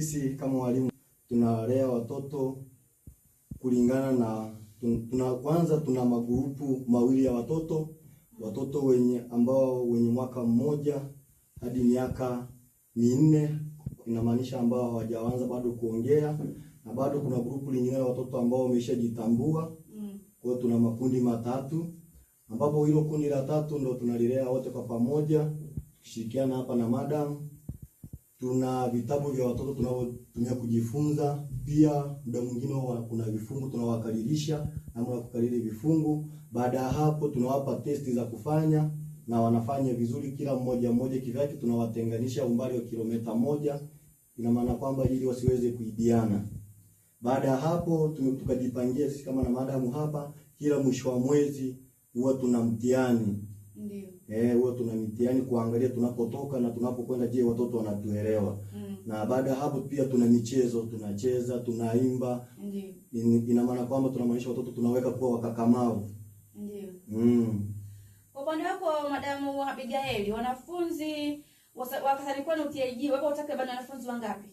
Sisi kama walimu tunawalea watoto kulingana na tuna, kwanza tuna magurupu mawili ya watoto, watoto wenye ambao wenye mwaka mmoja hadi miaka minne, inamaanisha ambao hawajaanza bado kuongea, na bado kuna grupu lingine la watoto ambao wameshajitambua. Mm. Kwa hiyo tuna makundi matatu, ambapo hilo kundi la tatu ndo tunalilea wote kwa pamoja, tukishirikiana hapa na madam tuna vitabu vya watoto tunavyotumia kujifunza. Pia muda mwingine kuna vifungu tunawakadirisha namna ya kukariri vifungu. Baada ya hapo, tunawapa testi za kufanya na wanafanya vizuri, kila mmoja mmoja kivyake. Tunawatenganisha umbali wa kilomita moja, ina maana kwamba ili wasiweze kuidiana. Baada ya hapo, tukajipangia sisi kama na maadamu hapa, kila mwisho wa mwezi huwa tuna mtihani eh, wewe tuna mitihani kuangalia tunapotoka na tunapokwenda, je, watoto wanatuelewa? mm. na baada ya hapo pia tuna michezo tunacheza, tunaimba. In, ina maana kwamba tunamaanisha watoto tunaweka kuwa wakakamavu. Ndiyo. Mm. Kwa upande wako madamu habigaeli wanafunzi wakasarikuwa na UTAG wapo takriban wanafunzi wangapi?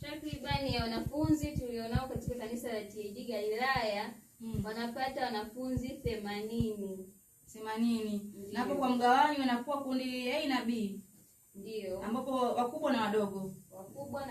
Takriban ya wanafunzi tulionao katika kanisa la TIG Galilaya mm. wanapata wanafunzi themanini themanini na hapo kwa mgawanyo inakuwa kundi A na B, ndio ambapo wakubwa na wadogo wakubwa na